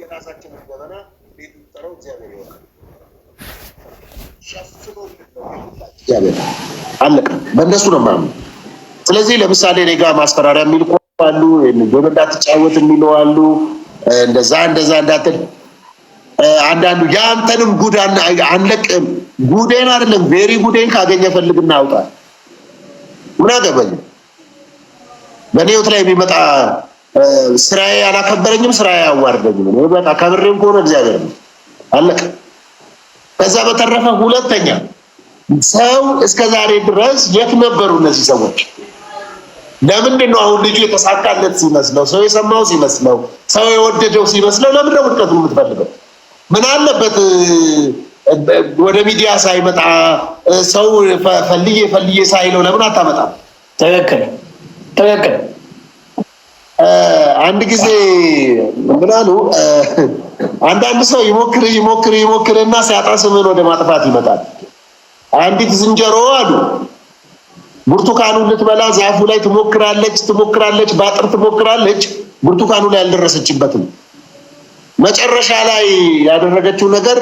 የራሳችንን ገበና ጠረው እግዚአብሔር ይሆናል። ሸፍኖ አለቀ። በእነሱ ነው ማምኑ። ስለዚህ ለምሳሌ እኔ ጋ ማስፈራሪያ የሚል አሉ፣ ገብ እንዳትጫወት የሚለው አሉ፣ እንደዛ እንደዛ እንዳትል አንዳንዱ የአንተንም ጉድ አንለቅም። ጉዴን አይደለም ቬሪ ጉዴን ካገኘ ፈልግና አውጣል። ምን አገባኝ በእኔ ህይወት ላይ የሚመጣ ስራዬ አላከበረኝም፣ ስራዬ አያዋርደኝም። በቃ ከብሬም ከሆነ እግዚአብሔር ነው አለቀ። ከዛ በተረፈ ሁለተኛ ሰው እስከ ዛሬ ድረስ የት ነበሩ እነዚህ ሰዎች? ለምንድን ነው አሁን ልጁ የተሳካለት ሲመስለው፣ ሰው የሰማው ሲመስለው፣ ሰው የወደደው ሲመስለው፣ ለምን ነው ውድቀቱ የምትፈልገው? ምን አለበት ወደ ሚዲያ ሳይመጣ ሰው ፈልዬ ፈልዬ ሳይለው ለምን አታመጣም? ትክክል ትክክል አንድ ጊዜ ምናሉ አንዳንድ ሰው ይሞክር ይሞክር ይሞክርና ሲያጣ ስምን ወደ ማጥፋት ይመጣል። አንዲት ዝንጀሮ አሉ ብርቱካኑን ልትበላ ዛፉ ላይ ትሞክራለች ትሞክራለች፣ በአጥር ትሞክራለች። ብርቱካኑ ላይ አልደረሰችበትም። መጨረሻ ላይ ያደረገችው ነገር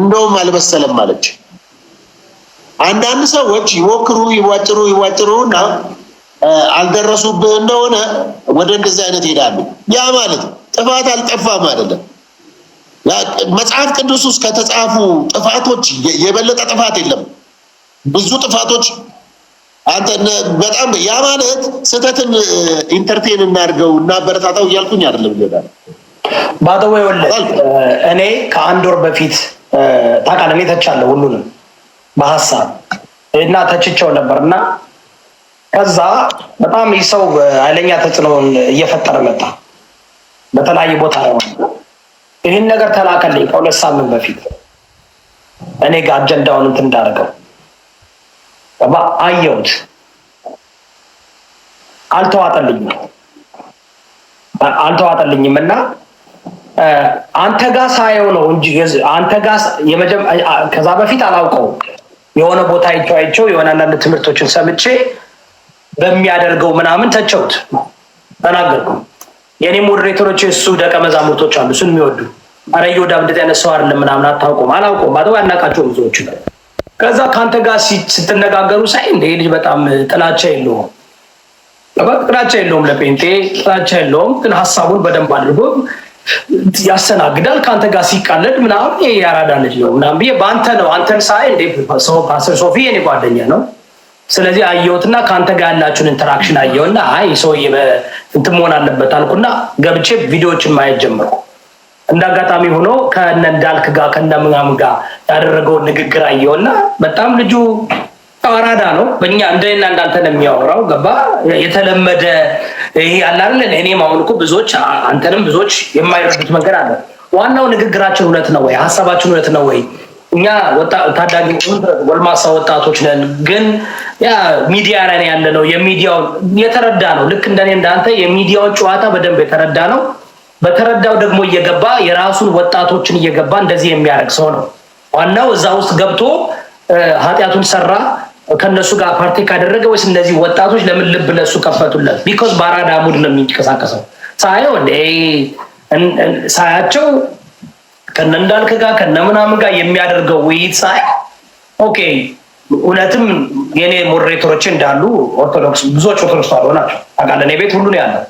እንደውም አልበሰለም አለች። አንዳንድ ሰዎች ይሞክሩ ይዋጭሩ ይዋጭሩና አልደረሱብህ እንደሆነ ወደ እንደዚህ አይነት ይሄዳሉ። ያ ማለት ጥፋት አልጠፋም አይደለም። መጽሐፍ ቅዱስ ውስጥ ከተጻፉ ጥፋቶች የበለጠ ጥፋት የለም። ብዙ ጥፋቶች አንተ በጣም ያ ማለት ስህተትን ኢንተርቴን እናድርገው እናበረታታው እያልኩኝ አይደለም። ይሄዳል ባጠወ እኔ ከአንድ ወር በፊት ታውቃለህ፣ እኔ ተቻለሁ ሁሉንም በሀሳብ እና ተችቸው ነበር እና ከዛ በጣም ይህ ሰው ኃይለኛ ተጽዕኖውን እየፈጠረ መጣ። በተለያየ ቦታ ይህን ነገር ተላከልኝ ከሁለት ሳምንት በፊት እኔ ጋር አጀንዳውን እንትን እንዳደርገው አየሁት። አልተዋጠልኝም አልተዋጠልኝም እና አንተ ጋ ሳየው ነው እንጂ አንተ ጋ ከዛ በፊት አላውቀው የሆነ ቦታ አይቼው አይቼው የሆነ አንዳንድ ትምህርቶችን ሰምቼ በሚያደርገው ምናምን ተቸውት ተናገርኩ። የእኔ ሞዴሬተሮች እሱ ደቀ መዛሙርቶች አሉ እሱን የሚወዱ አረ ዮዳ እንደዚህ አይነት ሰው አይደለም ምናምን አታውቁም፣ አላውቁም ባተው ያናቃቸው ብዙዎች። ከዛ ከአንተ ጋር ስትነጋገሩ ሳይ እንደ ልጅ በጣም ጥላቻ የለውም ጥላቻ የለውም ለፔንቴ ጥላቻ የለውም፣ ግን ሀሳቡን በደንብ አድርጎ ያስተናግዳል። ከአንተ ጋር ሲቃለድ ምናምን ያራዳ ልጅ ነው ምናምን ብዬ በአንተ ነው አንተን ሳይ እንደ ሰው ፓስተር ሶፊ የኔ ጓደኛ ነው ስለዚህ አየሁትና ከአንተ ጋር ያላችሁን ኢንተራክሽን አየሁና አይ ሰውዬ እንትን መሆን አለበት አልኩና ገብቼ ቪዲዮዎችን ማየት ጀመርኩ። እንደ አጋጣሚ ሆኖ ከነ እንዳልክ ጋር ከነ ምናምን ጋር ያደረገውን ንግግር አየሁና በጣም ልጁ አራዳ ነው። በእኛ እንደና እንዳንተ ነው የሚያወራው። ገባ የተለመደ ይሄ አላለን። እኔም አሁን እኮ ብዙዎች አንተንም ብዙዎች የማይረዱት መንገድ አለ። ዋናው ንግግራችን እውነት ነው ወይ? ሀሳባችን እውነት ነው ወይ? እኛ ታዳጊ ጎልማሳ ወጣቶች ነን፣ ግን ያ ሚዲያ ላይ ያለ ነው። የሚዲያውን የተረዳ ነው። ልክ እንደኔ እንዳንተ የሚዲያውን ጨዋታ በደንብ የተረዳ ነው። በተረዳው ደግሞ እየገባ የራሱን ወጣቶችን እየገባ እንደዚህ የሚያደርግ ሰው ነው። ዋናው እዛ ውስጥ ገብቶ ኃጢአቱን ሰራ ከእነሱ ጋር ፓርቲ ካደረገ ወይስ እነዚህ ወጣቶች ለምን ልብ ለሱ ከፈቱለት? ቢኮዝ በአራዳ ሙድ ነው የሚንቀሳቀሰው። ሳየው ሳያቸው ከነ እንዳልክ ጋር ከነ ምናምን ጋር የሚያደርገው ውይይት ሳይ ኦኬ እውነትም የኔ ሞዴሬተሮች እንዳሉ ኦርቶዶክስ ብዙዎች ኦርቶዶክስ ተዋሕዶ ናቸው አውቃለሁ። እኔ ቤት ሁሉ ነው ያለው።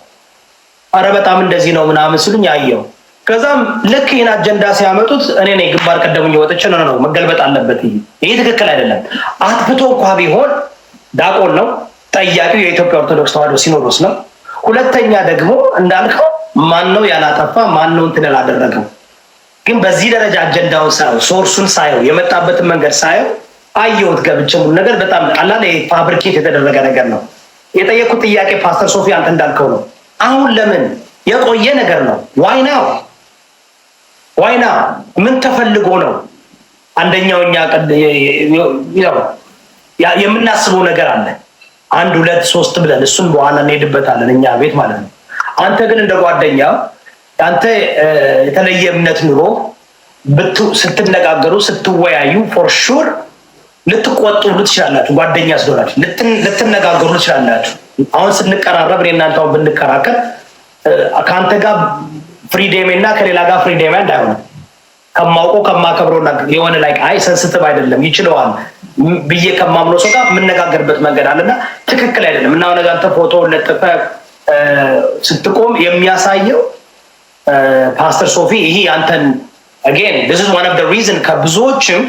አረ በጣም እንደዚህ ነው ምናምን ስሉኝ አየው። ከዛም ልክ ይህን አጀንዳ ሲያመጡት እኔ ነኝ ግንባር ቀደሙኝ ወጥቼ ነው ነው መገልበጥ አለበት ይህ ትክክል አይደለም። አጥብቶ እንኳ ቢሆን ዳቆን ነው ጠያቂው የኢትዮጵያ ኦርቶዶክስ ተዋሕዶ ሲኖዶስ ነው። ሁለተኛ ደግሞ እንዳልከው ማን ነው ያላጠፋ ማን ነው እንትን ያላደረገው ግን በዚህ ደረጃ አጀንዳውን ሳየው ሶርሱን ሳየው የመጣበትን መንገድ ሳየው አየሁት ገብቼ ሙሉ ነገር በጣም አላ ፋብሪኬት የተደረገ ነገር ነው። የጠየቁት ጥያቄ ፓስተር ሶፊ አንተ እንዳልከው ነው። አሁን ለምን የቆየ ነገር ነው። ዋይና ዋይና ምን ተፈልጎ ነው? አንደኛው እኛ የምናስበው ነገር አለ አንድ ሁለት ሶስት ብለን እሱን በኋላ እንሄድበታለን እኛ ቤት ማለት ነው። አንተ ግን እንደ ጓደኛ ያንተ የተለየ እምነት ኑሮ ስትነጋገሩ ስትወያዩ ፎር ሹር ልትቆጥሩ ትችላላችሁ። ጓደኛ ስለሆናችሁ ልትነጋገሩ ትችላላችሁ። አሁን ስንቀራረብ እኔ እናንተ አሁን ብንከራከር ከአንተ ጋር ፍሪዴሜ እና ከሌላ ጋር ፍሪዴሜ እንዳይሆነ ከማውቁ ከማውቆ የሆነ ላይ አይ ሰንስትብ አይደለም ይችለዋል ብዬ ከማምኖ ሰው ጋር የምነጋገርበት መንገድ አለና ትክክል አይደለም እና አሁን አንተ ፎቶ ለጥፈህ ስትቆም የሚያሳየው ፓስተር ሶፊ ይህ አንተን አጌን ዲስ ኢዝ ዋን ኦፍ ዘ ሪዝን ከብዙዎችም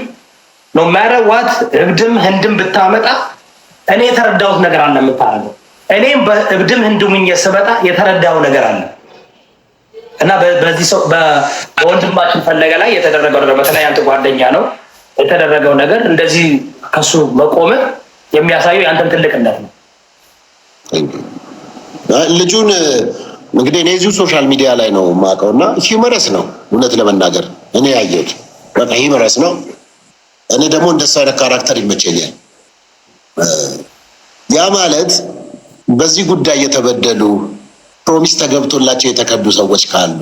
ኖ ማተር ዋት እብድም ህንድም ብታመጣ እኔ የተረዳሁት ነገር አለ የምታደርገው። እኔም በእብድም ህንድም እየሰበጣ የተረዳው ነገር አለ እና በዚህ ሰው በወንድማችን ፈለገ ላይ የተደረገው ነገር በተለይ አንተ ጓደኛ ነው የተደረገው ነገር እንደዚህ ከሱ መቆም የሚያሳየው የአንተን ትልቅነት ነው። ልጁን እንግዲህ እኔ እዚሁ ሶሻል ሚዲያ ላይ ነው የማውቀው እና ሂመረስ ነው እውነት ለመናገር እኔ ያየሁት በቃ ሂመረስ ነው። እኔ ደግሞ እንደሱ አይነት ካራክተር ይመቸኛል። ያ ማለት በዚህ ጉዳይ የተበደሉ ፕሮሚስ ተገብቶላቸው የተከዱ ሰዎች ካሉ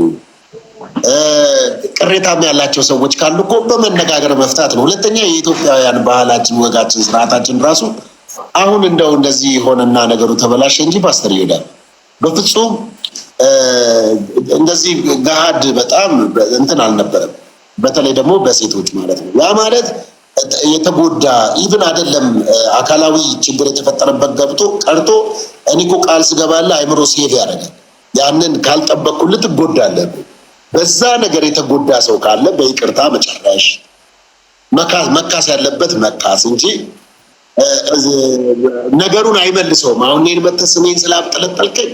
ቅሬታም ያላቸው ሰዎች ካሉ እኮ በመነጋገር መፍታት ነው። ሁለተኛ የኢትዮጵያውያን ባህላችን፣ ወጋችን፣ ስርዓታችን ራሱ አሁን እንደው እንደዚህ ሆነና ነገሩ ተበላሸ እንጂ ፓስተር ይሄዳል በፍጹም እንደዚህ ገሃድ በጣም እንትን አልነበረም። በተለይ ደግሞ በሴቶች ማለት ነው። ያ ማለት የተጎዳ ኢቭን አይደለም አካላዊ ችግር የተፈጠረበት ገብቶ ቀርቶ እኔ እኮ ቃል ስገባለ አይምሮ ሴቭ ያደርጋል። ያንን ካልጠበቅኩል ትጎዳለ። በዛ ነገር የተጎዳ ሰው ካለ በይቅርታ መጨረሽ መካስ ያለበት መካስ እንጂ ነገሩን አይመልሰውም። አሁን እኔን መተህ ስሜን ስላብጠለጠልከኝ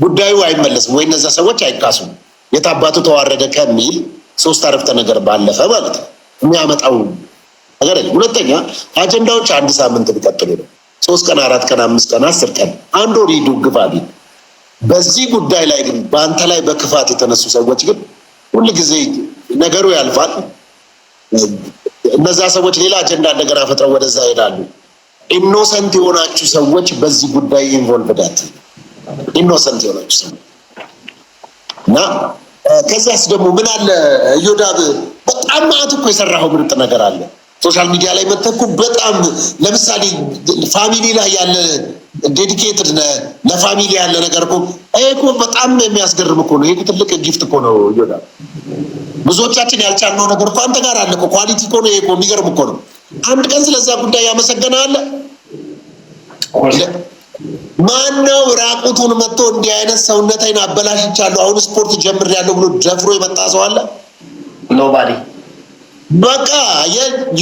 ጉዳዩ አይመለስም ወይ እነዛ ሰዎች አይካሱም። የታባቱ ተዋረደ ከሚል ሶስት አረፍተ ነገር ባለፈ ማለት ነው የሚያመጣው ነገር። ሁለተኛ አጀንዳዎች አንድ ሳምንት ሊቀጥሉ ነው። ሶስት ቀን፣ አራት ቀን፣ አምስት ቀን፣ አስር ቀን፣ አንድ ወር ግፋ ቢል በዚህ ጉዳይ ላይ ግን በአንተ ላይ በክፋት የተነሱ ሰዎች ግን ሁል ጊዜ ነገሩ ያልፋል። እነዛ ሰዎች ሌላ አጀንዳ እንደገና ፈጥረው ወደዛ ይሄዳሉ። ኢኖሰንት የሆናችሁ ሰዎች በዚህ ጉዳይ ኢንቮልቭ ዳት ኢኖሰንት የሆነች ሰው እና ከዚያስ ደግሞ ምን አለ እዮዳብ በጣም ማአት እኮ የሰራኸው ምርጥ ነገር አለ። ሶሻል ሚዲያ ላይ መተኩ በጣም ለምሳሌ ፋሚሊ ላይ ያለ ዴዲኬትድ ለፋሚሊ ያለ ነገር እኮ ይሄ እኮ በጣም የሚያስገርም እኮ ነው። ይሄ ትልቅ ጊፍት እኮ ነው እዮዳብ። ብዙዎቻችን ያልቻልነው ነገር እኮ አንተ ጋር አለ እኮ። ኳሊቲ እኮ ነው ይሄ እኮ። የሚገርም እኮ ነው። አንድ ቀን ስለዛ ጉዳይ ያመሰገናለ ማነው ራቁቱን መጥቶ እንዲህ አይነት ሰውነቴን አበላሽቻለሁ አሁን ስፖርት ያለው ብሎ ደፍሮ የመጣ ሰው አለ? ኖባዲ። በቃ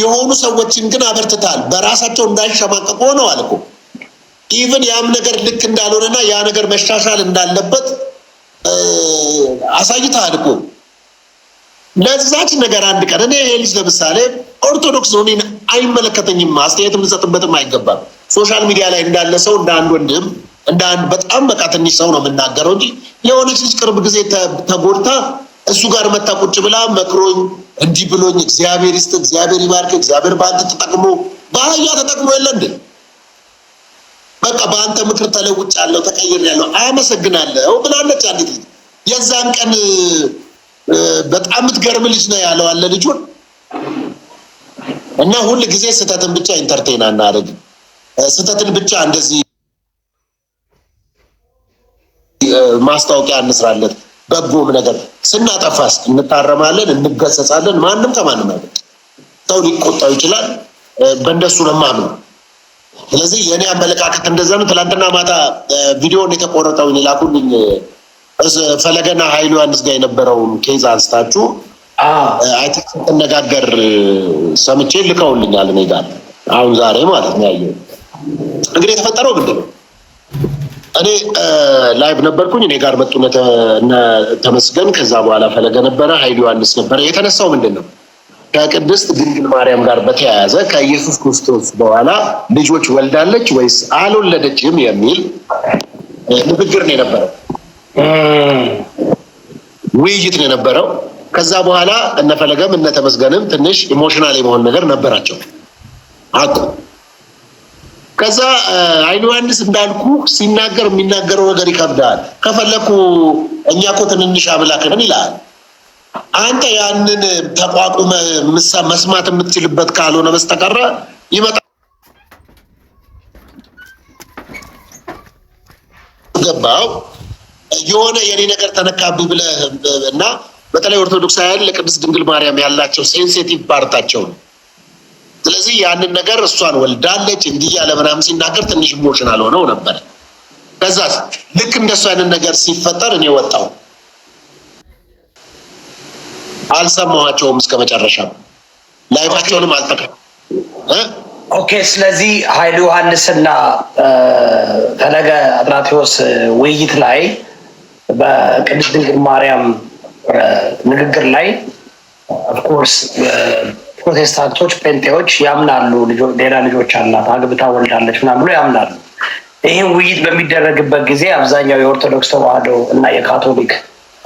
የሆኑ ሰዎችን ግን አበርትታል። በራሳቸው እንዳይሸማቀቁ ሆነዋል እኮ ኢቭን ያም ነገር ልክ እንዳልሆነና ያ ነገር መሻሻል እንዳለበት አሳይተሃል እኮ ለዛች ነገር አንድ ቀን እኔ ይሄ ልጅ ለምሳሌ ኦርቶዶክስ ነው አይመለከተኝም፣ አስተያየትም ልሰጥበትም አይገባም ሶሻል ሚዲያ ላይ እንዳለ ሰው እንደ አንድ ወንድም እንደ አንድ በጣም በቃ ትንሽ ሰው ነው የምናገረው እንጂ የሆነች ልጅ ቅርብ ጊዜ ተጎድታ እሱ ጋር መታ ቁጭ ብላ መክሮኝ እንዲህ ብሎኝ እግዚአብሔር ይስጥ እግዚአብሔር ይባርክ እግዚአብሔር በአንተ ተጠቅሞ በአህያ ተጠቅሞ የለ እንዴ በቃ በአንተ ምክር ተለውጫለሁ ተቀይሬያለሁ አመሰግናለሁ ብላለች አንዲት ልጅ የዛን ቀን በጣም የምትገርም ልጅ ነው ያለው አለ ልጁን እና ሁል ጊዜ ስህተትን ብቻ ኢንተርቴን አናደርግም ስህተትን ብቻ እንደዚህ ማስታወቂያ እንስራለን። በጎም ነገር ስናጠፋስ እንታረማለን፣ እንገሰጻለን። ማንም ከማንም አይደል ሰው ሊቆጣው ይችላል። በእንደሱ ነው የማምነው። ስለዚህ የእኔ አመለካከት እንደዛ ነው። ትላንትና ማታ ቪዲዮን የተቆረጠው የላኩልኝ ፈለገና ሀይሉ ዮሐንስ ጋር የነበረውን ኬዝ አንስታችሁ አይተነጋገር ሰምቼ ልከውልኛል። እኔ ጋር አሁን ዛሬ ማለት ነው ያየሁት እንግዲህ የተፈጠረው ምንድን ነው? እኔ ላይቭ ነበርኩኝ። እኔ ጋር መጡ ተመስገን፣ ከዛ በኋላ ፈለገ ነበረ፣ ሀይሉ ዮሐንስ ነበረ። የተነሳው ምንድን ነው? ከቅድስት ድንግል ማርያም ጋር በተያያዘ ከኢየሱስ ክርስቶስ በኋላ ልጆች ወልዳለች ወይስ አልወለደችም የሚል ንግግር ነው የነበረው፣ ውይይት ነው የነበረው። ከዛ በኋላ እነፈለገም እነተመስገንም ትንሽ ኢሞሽናል የመሆን ነገር ነበራቸው አቁ ከዛ አይኑ ዮሐንስ እንዳልኩ ሲናገር የሚናገረው ነገር ይከብዳል። ከፈለኩ እኛ ኮ ትንንሽ አምላክን ይላል። አንተ ያንን ተቋቁመ መስማት የምትችልበት ካልሆነ በስተቀረ ይመጣ ገባው የሆነ የኔ ነገር ተነካብ ብለህ እና በተለይ ኦርቶዶክሳውያን ለቅድስት ድንግል ማርያም ያላቸው ሴንሴቲቭ ፓርታቸው ነው ስለዚህ ያንን ነገር እሷን ወልዳለች እንዲህ ያለ ምናምን ሲናገር ትንሽ ሞሽን አልሆነው ነበር። ከዛ ልክ እንደሱ አይነት ነገር ሲፈጠር እኔ ወጣው አልሰማኋቸውም እስከ መጨረሻ ላይፋቸውንም አልተቀ ኦኬ። ስለዚህ ኃይሉ ዮሐንስና ፈለገ አጥናቴዎስ ውይይት ላይ በቅድስት ድንግል ማርያም ንግግር ላይ ኦፍኮርስ ፕሮቴስታንቶች፣ ፔንቴዎች ያምናሉ። ሌላ ልጆች አላት አግብታ ወልዳለች ምናምን ብሎ ያምናሉ። ይህን ውይይት በሚደረግበት ጊዜ አብዛኛው የኦርቶዶክስ ተዋህዶ እና የካቶሊክ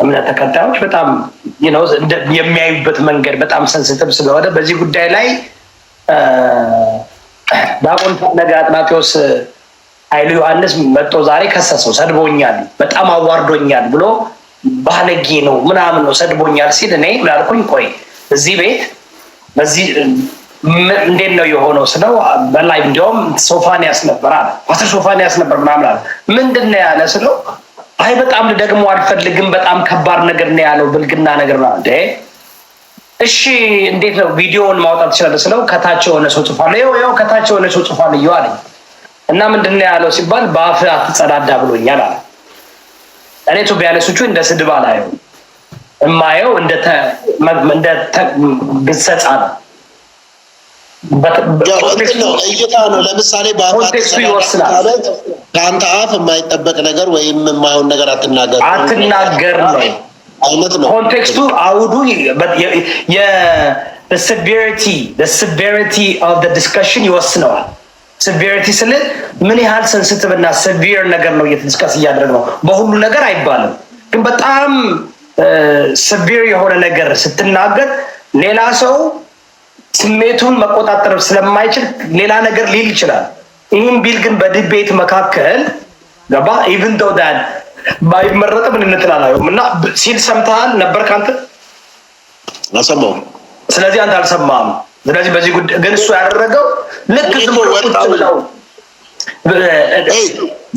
እምነት ተከታዮች በጣም የሚያዩበት መንገድ በጣም ሰንስትብ ስለሆነ በዚህ ጉዳይ ላይ ዲያቆን ነገ አጥናቴዎስ ኃይሉ ዮሐንስ መጥቶ ዛሬ ከሰሰው። ሰድቦኛል፣ በጣም አዋርዶኛል ብሎ ባለጌ ነው ምናምን ነው ሰድቦኛል ሲል እኔ ላልኩኝ ቆይ እዚህ ቤት በዚህ እንዴት ነው የሆነው ስለው በላይ እንዲያውም ሶፋን ያስነበር አለ። ፓስተር ሶፋን ያስነበር ምናምን አለ። ምንድን ነው ያለ ስለው አይ በጣም ደግሞ አልፈልግም፣ በጣም ከባድ ነገር ነው ያለው፣ ብልግና ነገር ነው። እንዴ እሺ እንዴት ነው ቪዲዮውን ማውጣት ትችላለህ ስለው ከታች የሆነ ሰው ጽፏል፣ ይኸው ይኸው ከታች የሆነ ሰው ጽፏል እዩ አለኝ እና ምንድን ነው ያለው ሲባል በአፍ አትጸዳዳ ብሎኛል አለ። እኔ ቱ ቢያለሶቹ እንደ ስድብ አላየውም የማየው እንደ ግሰጻ ነው። እይታ ነው። ለምሳሌ በአፋት ከአንተ አፍ የማይጠበቅ ነገር ወይም የማይሆን ነገር አትናገር አትናገር ነው አይነት ነው ኮንቴክስቱ። አውዱ ሲቪሪቲ ሲቪሪቲ ኦፍ ዲስከሽን ይወስነዋል። ሲቪሪቲ ስል ምን ያህል ሰንስቲቭ እና ሲቪር ነገር ነው እየተዲስከስ እያደረግ ነው። በሁሉ ነገር አይባልም ግን በጣም ስቢር የሆነ ነገር ስትናገር ሌላ ሰው ስሜቱን መቆጣጠር ስለማይችል ሌላ ነገር ሊል ይችላል። ይህም ቢል ግን በድቤት መካከል ገባ ኢቭን ዶ ዳን ባይመረጥም እንትላላዩም እና ሲል ሰምተሃል ነበር ከአንተ አልሰማሁም። ስለዚህ አንተ አልሰማም። ስለዚህ በዚህ ጉዳይ ግን እሱ ያደረገው ልክ ዝሞወጣው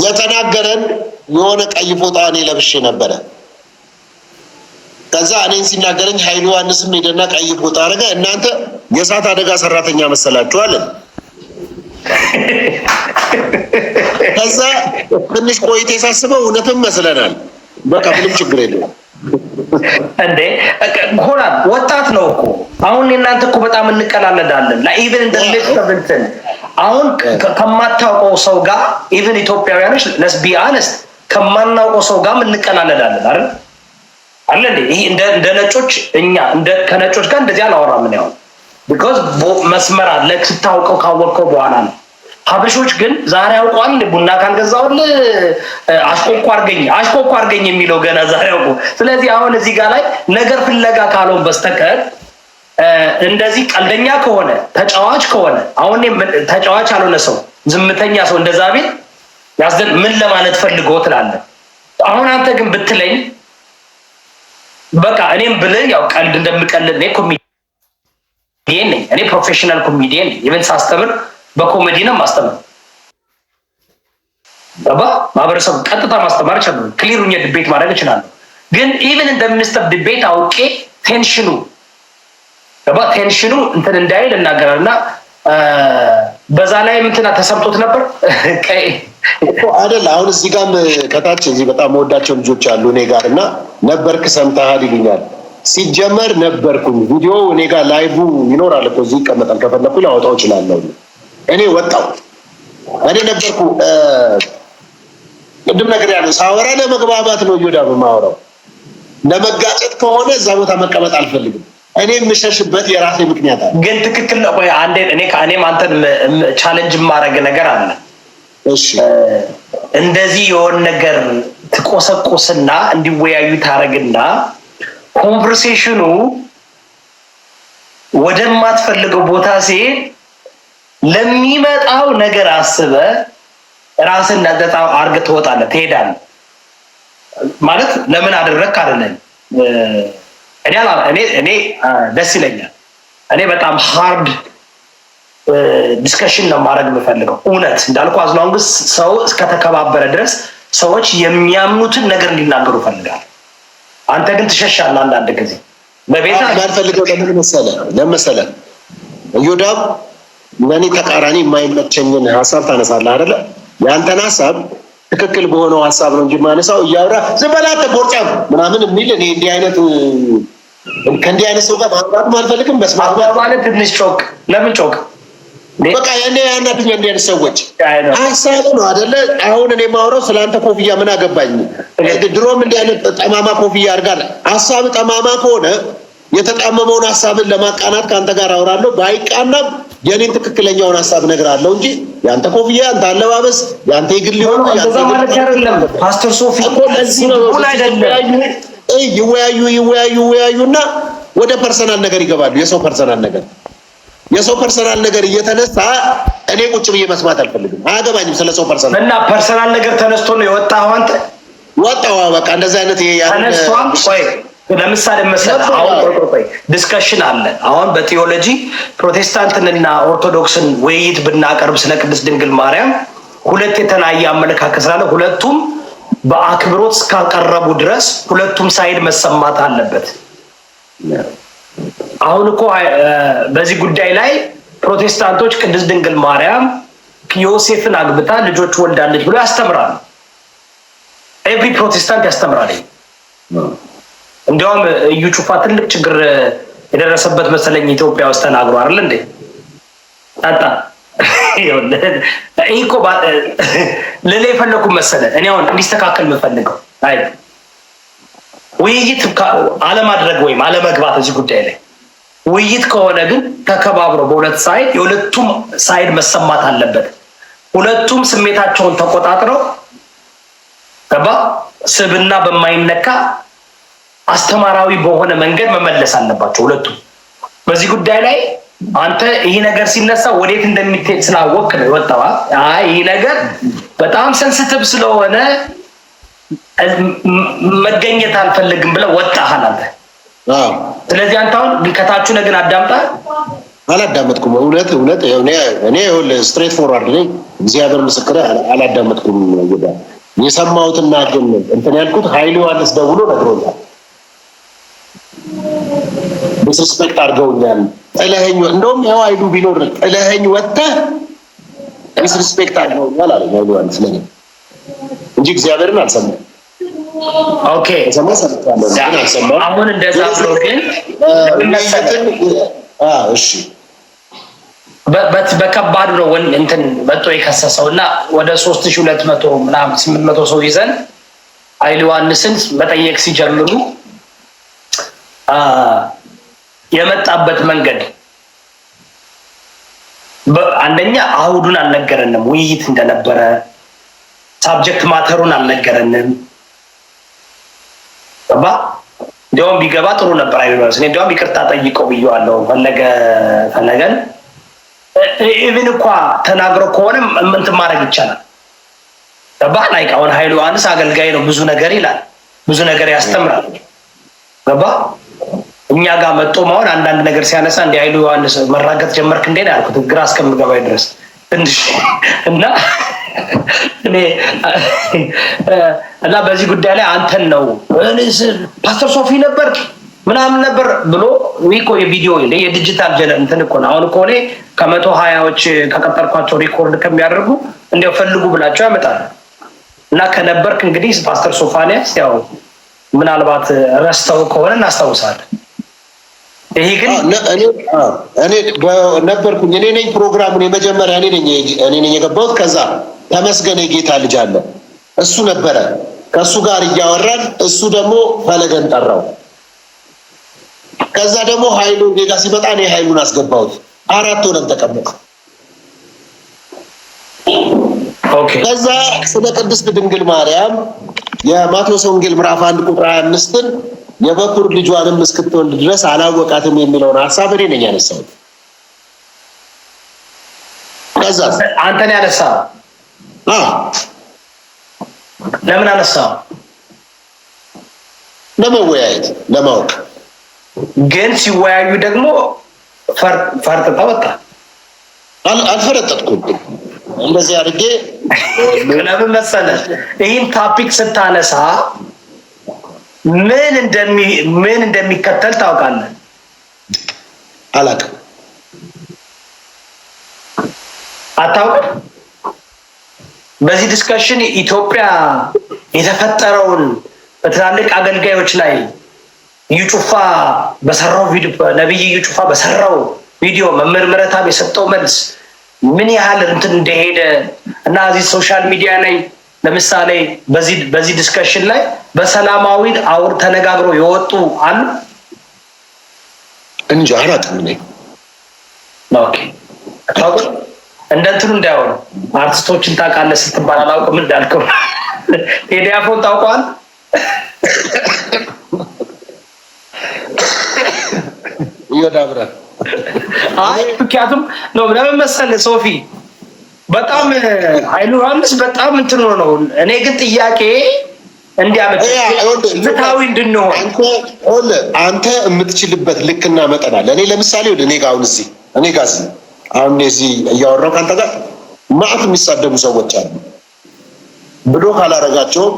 የተናገረን የሆነ ቀይ ፎጣ እኔ ለብሼ ነበረ ከዛ እኔን ሲናገረኝ ኃይሉ ዮሐንስም ሄደና ቀይ ቦታ አረገ። እናንተ የእሳት አደጋ ሰራተኛ መሰላችሁ አለ። ከዛ ትንሽ ቆይት የሳስበው እውነትም መስለናል። በቃ ምንም ችግር የለም እንዴ ሆና ወጣት ነው እኮ አሁን እናንተ እኮ በጣም እንቀላለዳለን። ኢቨን እንደ ሰብንትን አሁን ከማታውቀው ሰው ጋር ኢቨን ኢትዮጵያውያኖች አነስት ከማናውቀው ሰው ጋር እንቀላለዳለን አይደል አለ ይህ እንደ ነጮች እኛ ከነጮች ጋር እንደዚህ አላወራም ያው ቢኮዝ መስመር አለ ስታውቀው ካወቀው በኋላ ነው። ሀበሾች ግን ዛሬ አውቋል። ቡና ካልገዛውል አሽኮኮ አርገኝ አሽኮኮ አርገኝ የሚለው ገና ዛሬ አውቁ። ስለዚህ አሁን እዚህ ጋር ላይ ነገር ፍለጋ ካልሆን በስተቀር እንደዚህ ቀልደኛ ከሆነ ተጫዋች ከሆነ አሁን ተጫዋች ያልሆነ ሰው ዝምተኛ ሰው እንደዛ ቤት ያስደን ምን ለማለት ፈልጎ ትላለህ። አሁን አንተ ግን ብትለኝ በቃ እኔም ብል ያው ቀልድ እንደምቀልድ ነው። ኮሚዲየን ነኝ። እኔ ፕሮፌሽናል ኮሚዲየን ነኝ። ኢቨን ሳስተምር በኮሜዲ ነው ማስተምር። ገባ ማህበረሰቡ ቀጥታ ማስተማር ይችላሉ። ክሊሩ ድቤት ማድረግ እችላለሁ። ግን ኢቨን እንደምንስጠር ድቤት አውቄ ቴንሽኑ ገባ ቴንሽኑ እንትን እንዳይል እናገራል እና በዛ ላይ ምንትና ተሰምቶት ነበር አይደል? አሁን እዚህ ጋም ከታች እዚህ በጣም መወዳቸው ልጆች አሉ እኔ ጋር እና ነበርክ ሰምተሃል ይሉኛል። ሲጀመር ነበርኩኝ። ቪዲዮ እኔ ጋር ላይቭ ይኖራል እኮ እዚህ ይቀመጣል። ከፈለኩ ላወጣው እችላለሁ። እኔ ወጣው እኔ ነበርኩ ቅድም ነገር ያለው ሳወራ ለመግባባት ነው። እዮዳ በማወራው ለመጋጨት ከሆነ እዛ ቦታ መቀመጥ አልፈልግም። እኔ የምሸሽበት የራሴ ምክንያት አለ። ግን ትክክል ነው። ቆይ አንዴ እኔ ከእኔም አንተን ቻለንጅ የማደርግ ነገር አለ። እንደዚህ የሆን ነገር ትቆሰቁስና እንዲወያዩ ታደርግና ኮንቨርሴሽኑ ወደማትፈልገው ቦታ ሲሄድ ለሚመጣው ነገር አስበ ራስን ነጠጣ አርግ ትወጣለ ትሄዳለህ። ማለት ለምን አደረግክ አይደለም እኔ እኔ ደስ ይለኛል። እኔ በጣም ሃርድ ዲስከሽን ነው ማድረግ የምፈልገው እውነት እንዳልኩ አዝናሁን ሰው እስከተከባበረ ድረስ ሰዎች የሚያምኑትን ነገር እንዲናገሩ ፈልጋል። አንተ ግን ትሸሻለህ። አንዳንድ ጊዜ በቤት ማልፈልገው ለምን መሰለ ለምን መሰለህ እዮዳብ ለእኔ ተቃራኒ የማይመቸኝን ሀሳብ ታነሳለህ አይደለ? የአንተን ሀሳብ ትክክል በሆነው ሀሳብ ነው እንጂ ማነሳው እያወራ ዝም በላት ቦርጫም ምናምን የሚል እኔ እንዲህ አይነት ከእንዲህ አይነት ሰው ጋር ማውራትም አልፈልግም። መስማት ማለት ትንሽ ጮክ፣ ለምን ጮክ? በቃ ያኔ ያናድኛ እንዲህ አይነት ሰዎች ሀሳብ ነው አደለ? አሁን እኔ ማውረው ስለ አንተ ኮፍያ ምን አገባኝ? ድሮም እንዲህ አይነት ጠማማ ኮፍያ አድርጋል። ሀሳብ ጠማማ ከሆነ የተጣመመውን ሀሳብን ለማቃናት ከአንተ ጋር አውራለሁ። ባይቃናም የኔን ትክክለኛውን ሀሳብ እነግርሃለሁ እንጂ የአንተ ኮፍያ፣ የአንተ አለባበስ፣ የአንተ የግል ሆነ ፓስተር ሶፊ አይደለም ይወያዩ ይወያዩ ይወያዩና ወደ ፐርሰናል ነገር ይገባሉ። የሰው ፐርሰናል ነገር የሰው ፐርሰናል ነገር እየተነሳ እኔ ቁጭ ብዬ መስማት አልፈልግም። አያገባኝም ስለ ሰው ፐርሰናል እና ፐርሰናል ነገር ተነስቶ ነው የወጣኸው አንተ ወጣው። በቃ እንደዚህ አይነት ይሄ ለምሳሌ መሰለህ አሁን ዲስከሽን አለ። አሁን በቴዎሎጂ ፕሮቴስታንትንና ኦርቶዶክስን ውይይት ብናቀርብ ስለ ቅድስት ድንግል ማርያም ሁለት የተለያየ አመለካከት ስላለ ሁለቱም በአክብሮት እስካቀረቡ ድረስ ሁለቱም ሳይድ መሰማት አለበት። አሁን እኮ በዚህ ጉዳይ ላይ ፕሮቴስታንቶች ቅድስት ድንግል ማርያም ዮሴፍን አግብታ ልጆች ወልዳለች ብሎ ያስተምራሉ። ኤቭሪ ፕሮቴስታንት ያስተምራል። እንዲያውም እዩ ጩፋ ትልቅ ችግር የደረሰበት መሰለኝ ኢትዮጵያ ውስጥ ተናግሮ አይደል እንዴ ጣጣ ይህ እኮ መሰለ የፈለኩ እኔ አሁን እንዲስተካከል የምፈልገው አይ ውይይት አለማድረግ ወይም አለመግባት እዚህ ጉዳይ ላይ ውይይት ከሆነ ግን ተከባብሮ በሁለት ሳይድ የሁለቱም ሳይድ መሰማት አለበት። ሁለቱም ስሜታቸውን ተቆጣጥረው ገባ ስብና በማይነካ አስተማራዊ በሆነ መንገድ መመለስ አለባቸው ሁለቱም በዚህ ጉዳይ ላይ አንተ ይሄ ነገር ሲነሳ ወዴት እንደሚትሄድ ስላወቅ ነው ወጣዋ። አይ ይሄ ነገር በጣም ሰንስቲቭ ስለሆነ መገኘት አልፈልግም ብለህ ወጣሃል አንተ። ስለዚህ አንተ አሁን ልከታችሁ ነገር አዳምጣህ አላዳመጥኩም። እውነት እውነት እኔ ስትሬት ፎርዋርድ ነኝ። እግዚአብሔር ምስክር አላዳመጥኩም። የሰማሁትና ግን እንትን ያልኩት ኃይሉ ዮሐንስ ደውሎ ነግሮኛል። ሪስፔክት አድርገውኛል። ጥለኸኝ እንደውም ያው አይዱ ቢኖር ጥለኸኝ ወጥተህ ሪስፔክት አድርገውኛል አለ ነው ያለው ስለ እንጂ እግዚአብሔርን አልሰማሁም። ኦኬ አሁን እንደዛ ብሎ ግን እሺ በከባድ ነው ወን እንትን መጥቶ የከሰሰው እና ወደ ሶስት ሺ ሁለት መቶ ምናምን ስምንት መቶ ሰው ይዘን ኃይለ ዮሐንስን መጠየቅ ሲጀምሩ የመጣበት መንገድ አንደኛ አውዱን አልነገረንም፣ ውይይት እንደነበረ ሳብጀክት ማተሩን አልነገረንም። ባ እንዲያውም ቢገባ ጥሩ ነበር። አይበስ እንዲያውም ይቅርታ ጠይቀው ብየዋለሁ። ፈለገ ፈለገን ኢቭን እኳ ተናግሮ ከሆነ ምንት ማድረግ ይቻላል። ባ ላይ አሁን ሀይሉ ዮሐንስ አገልጋይ ነው። ብዙ ነገር ይላል፣ ብዙ ነገር ያስተምራል። ባ እኛ ጋር መጦ መሆን አንዳንድ ነገር ሲያነሳ እንዲ ኃይሉ ዮሐንስ መራገጥ ጀመርክ እንዴ አልኩት፣ ግራ እስከምገባኝ ድረስ ትንሽ እና እኔ እና በዚህ ጉዳይ ላይ አንተን ነው ፓስተር ሶፊ ነበር ምናምን ነበር ብሎ ዊኮ የቪዲዮ የዲጂታል እንትን እኮ ነው። አሁን እኮ ከመቶ ሀያዎች ከቀጠርኳቸው ሪኮርድ ከሚያደርጉ እንዲያው ፈልጉ ብላቸው ያመጣል እና ከነበርክ እንግዲህ ፓስተር ሶፋንያስ ያው ምናልባት ረስተው ከሆነ እናስታውሳለን። ይሄ ግን እኔ ነበርኩኝ። እኔ ነኝ ፕሮግራሙን የመጀመሪያ እኔ ነኝ እኔ ነኝ የገባሁት። ከዛ ተመስገን የጌታ ልጅ አለ እሱ ነበረ። ከእሱ ጋር እያወራን እሱ ደግሞ ፈለገን ጠራው። ከዛ ደግሞ ኃይሉ ጌጋ ሲመጣ እኔ ኃይሉን አስገባሁት። አራት ሆነን ተቀመጥ። ከዛ ስለ ቅድስት ድንግል ማርያም የማቴዎስ ወንጌል ምዕራፍ አንድ ቁጥር ሀያ አምስትን የበኩር ልጇንም እስክትወልድ ድረስ አላወቃትም የሚለውን ሀሳብ እኔ ነኝ ያነሳሁት። ከዛ አንተን ያነሳ ለምን አነሳ? ለመወያየት ለማወቅ። ግን ሲወያዩ ደግሞ ፈርጥጣ ወጣ። አልፈረጠጥኩም እንደዚህ አድርጌ ለምን መሰለህ ይህን ታፒክ ስታነሳ ምን እንደሚ ምን እንደሚከተል ታውቃለህ? አላውቅም። አታውቅም? በዚህ ዲስከሽን ኢትዮጵያ የተፈጠረውን በትላልቅ አገልጋዮች ላይ ዩጩፋ በሰራው ነብይ ዩጩፋ በሰራው ቪዲዮ መምህር የሰጠው መልስ ምን ያህል እንትን እንደሄደ እና እዚህ ሶሻል ሚዲያ ላይ ለምሳሌ በዚህ በዚህ ዲስከሽን ላይ በሰላማዊ አውር ተነጋግሮ የወጡ አሉ እንጂ አላውቅም። እኔ እንደ እንትኑ እንዳይሆን አርቲስቶችን ታውቃለህ ስትባል አላውቅም እንዳልከው ቴዲ አፎን ታውቀዋል። ምክንያቱም ለምን መሰለህ ሶፊ በጣም ኃይሉ ዮሐንስ በጣም እንትኖ ነው። እኔ ግን ጥያቄ እንዲያመጣዊ እንድንሆን አንተ የምትችልበት ልክና መጠን አለ። እኔ ለምሳሌ ወደ እኔ ጋር አሁን እዚህ እኔ ጋ እዚህ አሁን እዚህ እያወራው ከአንተ ጋር ማዕት የሚሳደቡ ሰዎች አሉ። ብሎክ አላረጋቸውም፣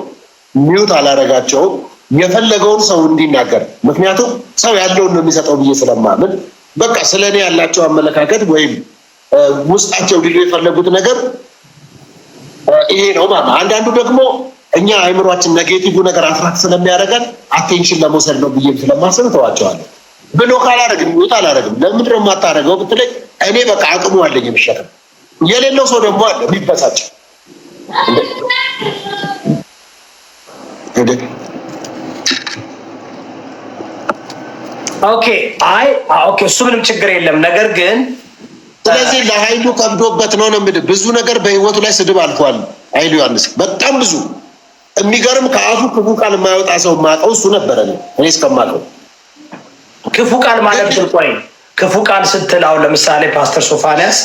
ሚዩት አላረጋቸውም የፈለገውን ሰው እንዲናገር ምክንያቱም ሰው ያለውን ነው የሚሰጠው ብዬ ስለማምን በቃ ስለ እኔ ያላቸው አመለካከት ወይም ውስጣቸው ሊሉ የፈለጉት ነገር ይሄ ነው ማለት። አንዳንዱ ደግሞ እኛ አይምሯችን ነጌቲቭ ነገር አትራክት ስለሚያደርገን አቴንሽን ለመውሰድ ነው ብዬም ስለማስብ ተዋቸዋለሁ። ብሎክ አላደርግም፣ ሚውት አላደርግም። ለምንድን ነው የማታደርገው ብትለኝ እኔ በቃ አቅሙ አለኝ የሚሸከም የሌለው ሰው ደግሞ አለ የሚበሳጭ ኦኬ። አይ ኦኬ፣ እሱ ምንም ችግር የለም ነገር ግን ስለዚህ ለኃይሉ ከብዶበት ነው ነው የምልህ። ብዙ ነገር በህይወቱ ላይ ስድብ አልፏል ኃይሉ ዮሐንስ፣ በጣም ብዙ የሚገርም ከአፉ ክፉ ቃል የማይወጣ ሰው የማውቀው እሱ ነበረ። እኔ እስከማውቀው ክፉ ቃል ማለት ትልቆይ ክፉ ቃል ስትል አሁን ለምሳሌ ፓስተር ሶፋንያስ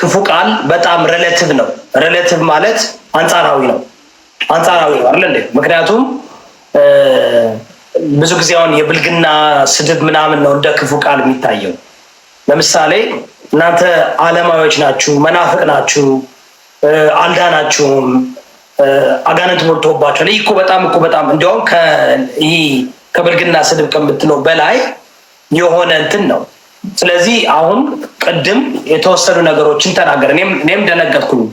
ክፉ ቃል በጣም ሬሌቲቭ ነው። ሬሌቲቭ ማለት አንጻራዊ ነው። አንጻራዊ ነው አይደል? ምክንያቱም ብዙ ጊዜ አሁን የብልግና ስድብ ምናምን ነው እንደ ክፉ ቃል የሚታየው ለምሳሌ እናንተ ዓለማዊዎች ናችሁ፣ መናፍቅ ናችሁ፣ አልዳናችሁም፣ አጋንንት ሞልቶባችኋል። ይህ እኮ በጣም እኮ በጣም እንዲያውም ይህ ከብልግና ስድብ ከምትለው በላይ የሆነ እንትን ነው። ስለዚህ አሁን ቅድም የተወሰዱ ነገሮችን ተናገረ። እኔም ደነገጥኩኝ።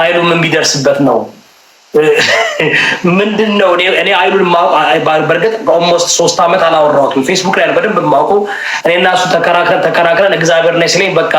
ኃይሉ ምን ቢደርስበት ነው ምንድን ነው እኔ አይሉን በእርግጥ ኦልሞስት ሶስት ዓመት አላወራሁትም። ፌስቡክ ላይ በደንብ የማውቀው እኔ እና እሱ ተከራክረን እግዚአብሔር ነ ሲለኝ በቃ